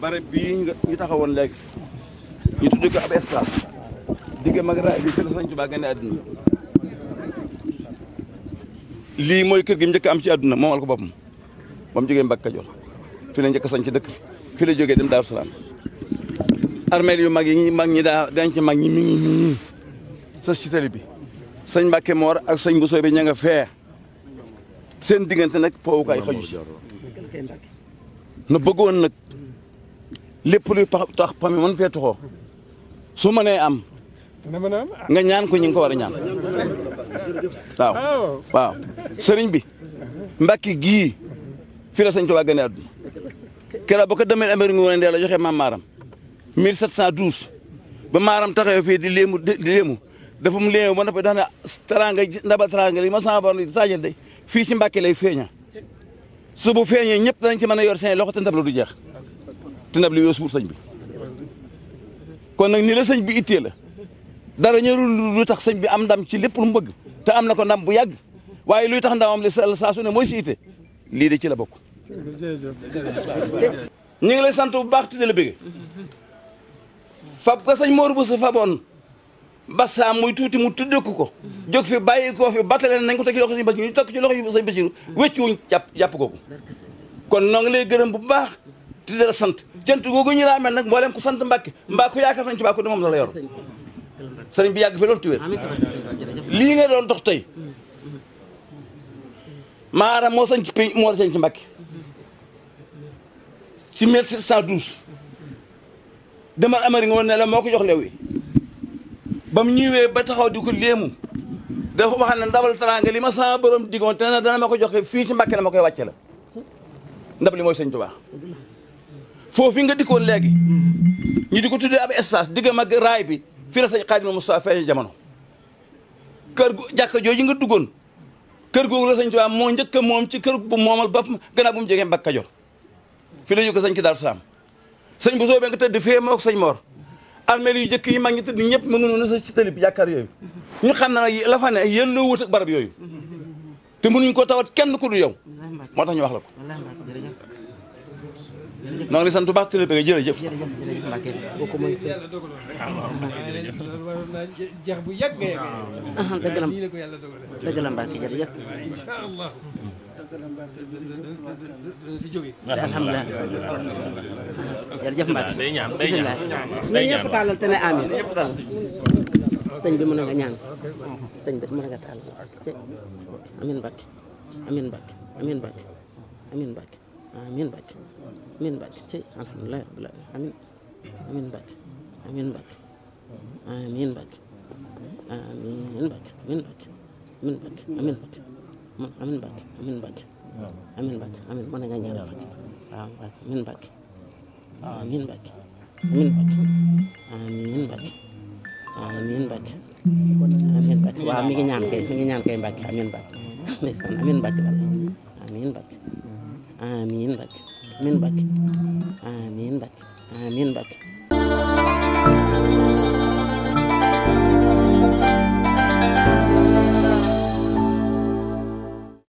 barab bii ñu taxawoon léegi ñu tudd ko ab stade digg mag raay bi ci la Sëñ Tuubaa lii mooy kër gi mu njëkk am ci àdduna moomal ko boppam ba mu jógee Mbàkke Kajoor fi la njëkk sañ ci dëkk fi fi la jógee dem Daaru Salaam yu mag yi mag ñi daa dañ mag ñi mi sa ci bi sëñ Mbàkke Moor ak sëñ Bousso bi ña nga fee seen diggante nag poowukaay xaju ci na bëggoon nag lépp luy tax pami mën fee toxoo su mënee am nga ñaan ko ñi nga ko war a ñaan waaw waaw sëriñ bi mbàkki gii fii la sëñ Tuubaa gane àdduna keroog ba ko demee Amérique ngi woon dee la joxee maam maaram 1712 ba maaram taxawee fii di léemu di léemu dafa mu léemu ba noppi dax ne taranga ndaba taranga li ma sama borom li saajal day fii ci mbàkki lay feeña su bu feeñee ñëpp danañ ci mën a yor seen loxo te ndab la du jeex te ndab li yoo suur bi kon nag ni la sëñ bi ittee la dara ñëru lu tax sëñ bi am ndam ci lépp mbëgg te am na ko ndam bu yàgg waaye luy tax ndamam li saa su ne mooy si lii de ci la bokk ñu ngi lay sant bu baax ti di la bëgge fab ko sëñ Mor bu sa faboon Bassa muy tuuti mu tuddeku ko jóg fi bàyyi ko fi battale nañ ko teg ci loxo sëñ Basiru ñu teg ci loxo sëñ Basiru wéccu wuñ yàpp jàpp googu kon noo ngi lay gërëm bu baax te la sant cant googu ñu laa mel nag mboolem ko sant Mbàkke mbaa ku yaakaar nañ ci bàkku moom la la yor bi yàgg fi loolu tuwéer nga doon dox tey moo sañ ci sañ ci Mbàkke ci 1712 demal amari nga woon ne la moo ko jox leew yi ba mu ñëwee ba taxaw di ko léemu dafa wax ne ndabal teraanga li ma sama borom digoon te dana ma ko joxe fii si Mbàkke la ma koy wàcce la ndab li mooy sëñ Tuubaa foofu nga dikkoon léegi ñu di ko tuddee ab stage digga mag raay bi fii la sëñ Xaadimu Mustafaa feeñe jamono kër gu jàkka jooju nga duggoon kër googu sañ sëñ Tuubaa moo njëkk moom ci kër bu moomal ba gannaaw bu mu jógee Mbàkke fii fi la jóge sañ ki daal saam sëñ bu soobee nga tëdd fee moo sañ Moor armeel yu jëkk yi mag ñi tëdd ñëpp mënuñu na sa ci tëli bi yooyu ñu xam ne la fa ne yelloo wut ak barab yooyu te mënuñ ko tawat kenn ku du yow moo tax ñu wax la ko noo ngi lay sant bu baax tëli bi nga jërëjëf jeex bu yàgg nga dëgg la dëgg la Mbacke dana fi jóge. alhamdulilah jërëjëf Mbacke. day ñaan day ñaan day ñaan ñëpp tàllal te ne amiin sëñ bi mën nga ñaan sëñ bi mën nga tàllal amiin Mbacke amiin Mbacke amiin Mbacke amiin Mbacke amiin Mbacke amiin Mbacke ci alhamdulilah amiin amiin Mbacke amiin Mbacke amiin Mbacke amiin Mbacke amiin Mbacke amiin Mbacke amiin Mbacke amiin Mbacke. amiin Mbacke amiin mën nga ñaanal rek waaw Mbacke amiin Mbacke waaw amiin Mbacke amiin Mbacke amiin Mbacke amiin Mbacke amiin Mbacke waaw mi ngi ñaan kay mi ngi ñaan kay Mbacke amiin Mbacke ndeysaan amiin Mbacke wala amiin Mbacke amiin Mbacke amiin Mbacke amiin Mbacke amiin Mbacke